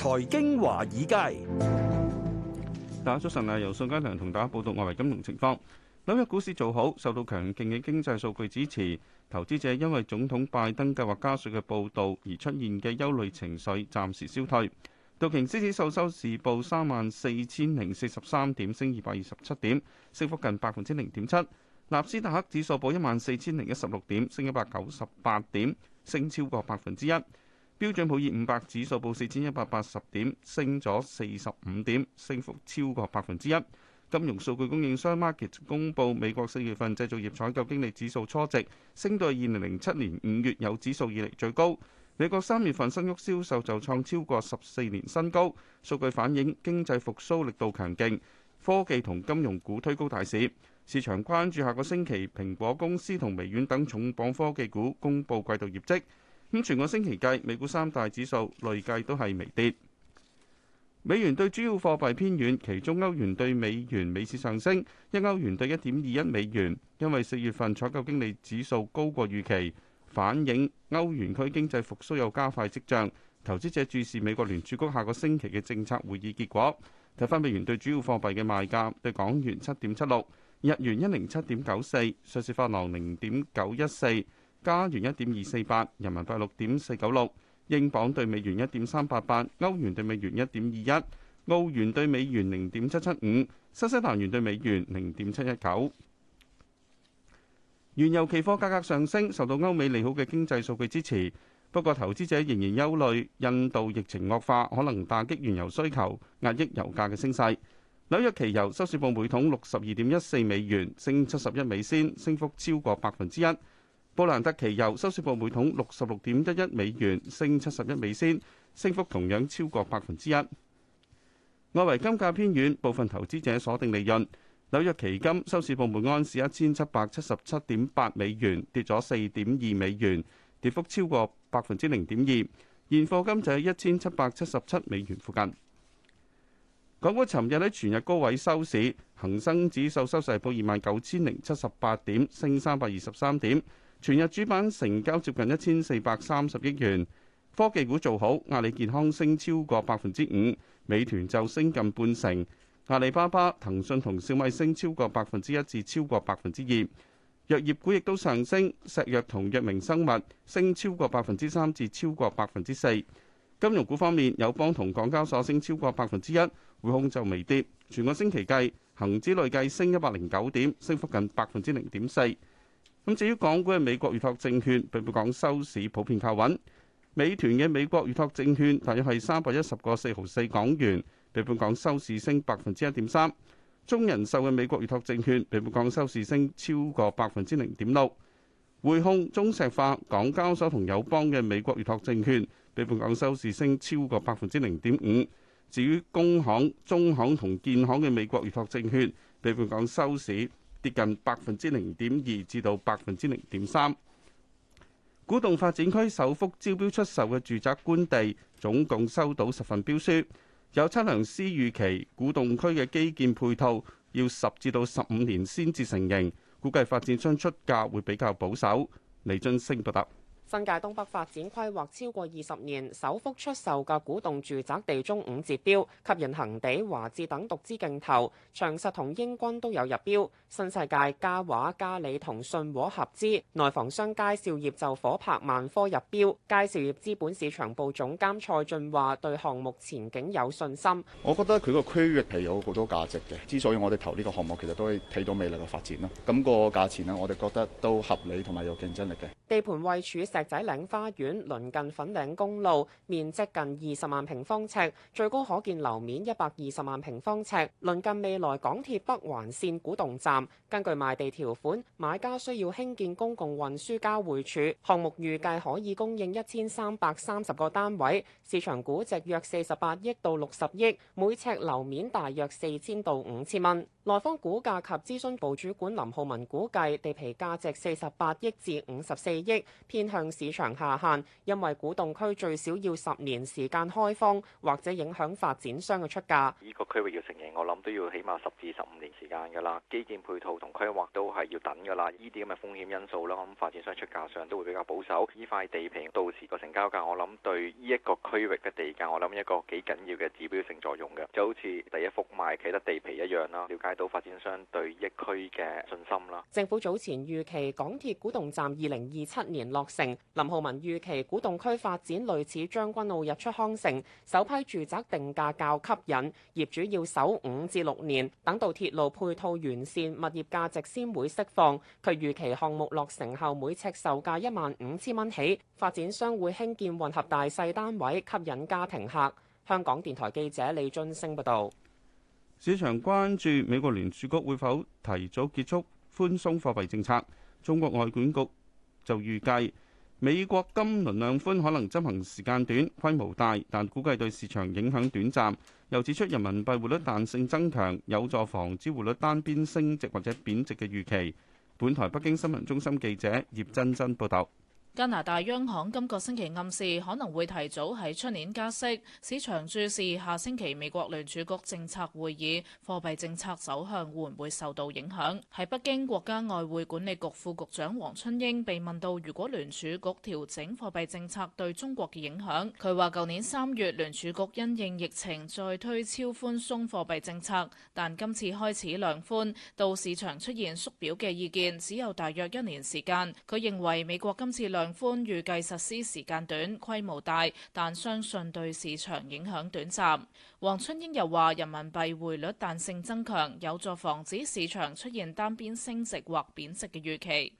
財經華爾街，大家早晨啊，由宋佳良同大家報道外圍金融情況。紐約股市做好，受到強勁嘅經濟數據支持，投資者因為總統拜登計劃加稅嘅報道而出現嘅憂慮情緒暫時消退。道瓊斯指數收市報三萬四千零四十三點，升二百二十七點，升幅近百分之零點七。納斯達克指數報一萬四千零一十六點，升一百九十八點，升超過百分之一。標準普爾五百指數報四千一百八十點，升咗四十五點，升幅超過百分之一。金融數據供應商 Markit 公佈美國四月份製造業採購經理指數初值，升到二零零七年五月有指數以來最高。美國三月份新屋銷售就創超過十四年新高，數據反映經濟復甦力度強勁。科技同金融股推高大市，市場關注下個星期蘋果公司同微軟等重磅科技股公佈季度業績。咁、嗯、全個星期計，美股三大指數累計都係微跌。美元對主要貨幣偏軟，其中歐元對美元每次上升，一歐元對一點二一美元，因為四月份採購經理指數高過預期，反映歐元區經濟復甦有加快跡象。投資者注視美國聯儲局下個星期嘅政策會議結果。睇翻美元對主要貨幣嘅賣價，對港元七點七六，日元一零七點九四，瑞士法郎零點九一四。加元一點二四八，人民幣六點四九六，英鎊對美元一點三八八，歐元對美元一點二一，澳元對美元零點七七五，新西蘭元對美元零點七一九。原油期貨價格上升，受到歐美利好嘅經濟數據支持，不過投資者仍然憂慮印度疫情惡化可能打擊原油需求，壓抑油價嘅升勢。紐約期油收市報每桶六十二點一四美元，升七十一美仙，升幅超過百分之一。布蘭特奇油收市報每桶六十六點一一美元，升七十一美仙，升幅同樣超過百分之一。外圍金價偏軟，部分投資者鎖定利潤。紐約期金收市報每安士一千七百七十七點八美元，跌咗四點二美元，跌幅超過百分之零點二。現貨金就喺一千七百七十七美元附近。港股尋日喺全日高位收市，恒生指數收市報二萬九千零七十八點，升三百二十三點。全日主板成交接近一千四百三十億元，科技股做好，阿里健康升超過百分之五，美團就升近半成，阿里巴巴、騰訊同小米升超過百分之一至超過百分之二。藥業股亦都上升，石藥同藥明生物升超過百分之三至超過百分之四。金融股方面，友邦同港交所升超過百分之一，匯控就微跌。全個星期計，恒指累計升一百零九點，升幅近百分之零點四。咁至於港股嘅美國預託證券，被報港收市普遍靠穩。美團嘅美國預託證券大約係三百一十個四毫四港元，被報港收市升百分之一點三。中人壽嘅美國預託證券被報港收市升超過百分之零點六。匯控、中石化、港交所同友邦嘅美國預託證券被報港收市升超過百分之零點五。至於工行、中行同建行嘅美國預託證券被報港收市跌近百分之零點二至到百分之零點三。古洞發展區首幅招標出售嘅住宅官地，總共收到十份標書。有測量師預期古洞區嘅基建配套要十至到十五年先至成型，估計發展商出價會比較保守。李俊升報道。新界東北發展規劃超過二十年，首幅出售嘅古洞住宅地中五折標，吸引恒地、華置等獨資競投，長實同英軍都有入標。新世界、嘉華、嘉里同信和合資內房商佳兆業就夥拍萬科入標，佳兆業資本市場部總監蔡俊話：對項目前景有信心。我覺得佢個區域係有好多價值嘅，之所以我哋投呢個項目，其實都係睇到未來嘅發展咯。咁個價錢呢，我哋覺得都合理同埋有競爭力嘅。地盤位處石仔嶺花園，鄰近粉嶺公路，面積近二十萬平方尺，最高可見樓面一百二十萬平方尺。鄰近未來港鐵北環線古洞站。根據賣地條款，買家需要興建公共運輸交匯處。項目預計可以供應一千三百三十個單位，市場估值約四十八億到六十億，每尺樓面大約四千到五千蚊。萊坊估價及諮詢部主管林浩文估計，地皮價值四十八億至五十四億，偏向。市場下限，因為古洞區最少要十年時間開放，或者影響發展商嘅出價。呢個區域要成型，我諗都要起碼十至十五年時間噶啦。基建配套同規劃都係要等噶啦。呢啲咁嘅風險因素啦，我諗發展商出價上都會比較保守。呢塊地皮到時個成交價，我諗對呢一個區域嘅地價，我諗一個幾緊要嘅指標性作用嘅，就好似第一幅賣企得地皮一樣啦。了解到發展商對一區嘅信心啦。政府早前預期港鐵古洞站二零二七年落成。林浩文預期，古洞區發展類似將軍澳日出康城，首批住宅定價較吸引，業主要守五至六年，等到鐵路配套完善，物業價值先會釋放。佢預期項目落成後，每尺售價一萬五千蚊起，發展商會興建混合大細單位，吸引家庭客。香港電台記者李津升報道。市場關注美國聯儲局會否提早結束寬鬆貨幣政策，中國外管局就預計。美國金輪量寬可能執行時間短、規模大，但估計對市場影響短暫。又指出人民幣匯率彈性增強，有助防止匯率單邊升值或者貶值嘅預期。本台北京新聞中心記者葉真真報道。加拿大央行今個星期暗示可能會提早喺出年加息，市場注視下星期美國聯儲局政策會議貨幣政策走向會唔會受到影響。喺北京，國家外匯管理局副局長黃春英被問到如果聯儲局調整貨幣政策對中國嘅影響，佢話：舊年三月聯儲局因應疫情再推超寬鬆貨幣政策，但今次開始量寬，到市場出現縮表嘅意見，只有大約一年時間。佢認為美國今次量量寬預計實施時間短、規模大，但相信對市場影響短暫。黃春英又話：人民幣匯率彈性增強，有助防止市場出現單邊升值或貶值嘅預期。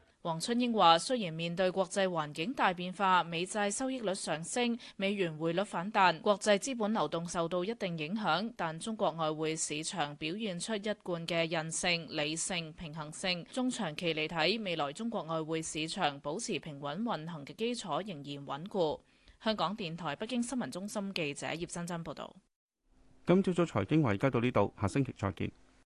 黃春英話：雖然面對國際環境大變化、美債收益率上升、美元匯率反彈、國際資本流動受到一定影響，但中國外匯市場表現出一貫嘅韌性、理性、平衡性。中長期嚟睇，未來中國外匯市場保持平穩運行嘅基礎仍然穩固。香港電台北京新聞中心記者葉真真報道。今朝早財經華爾街到呢度，下星期再見。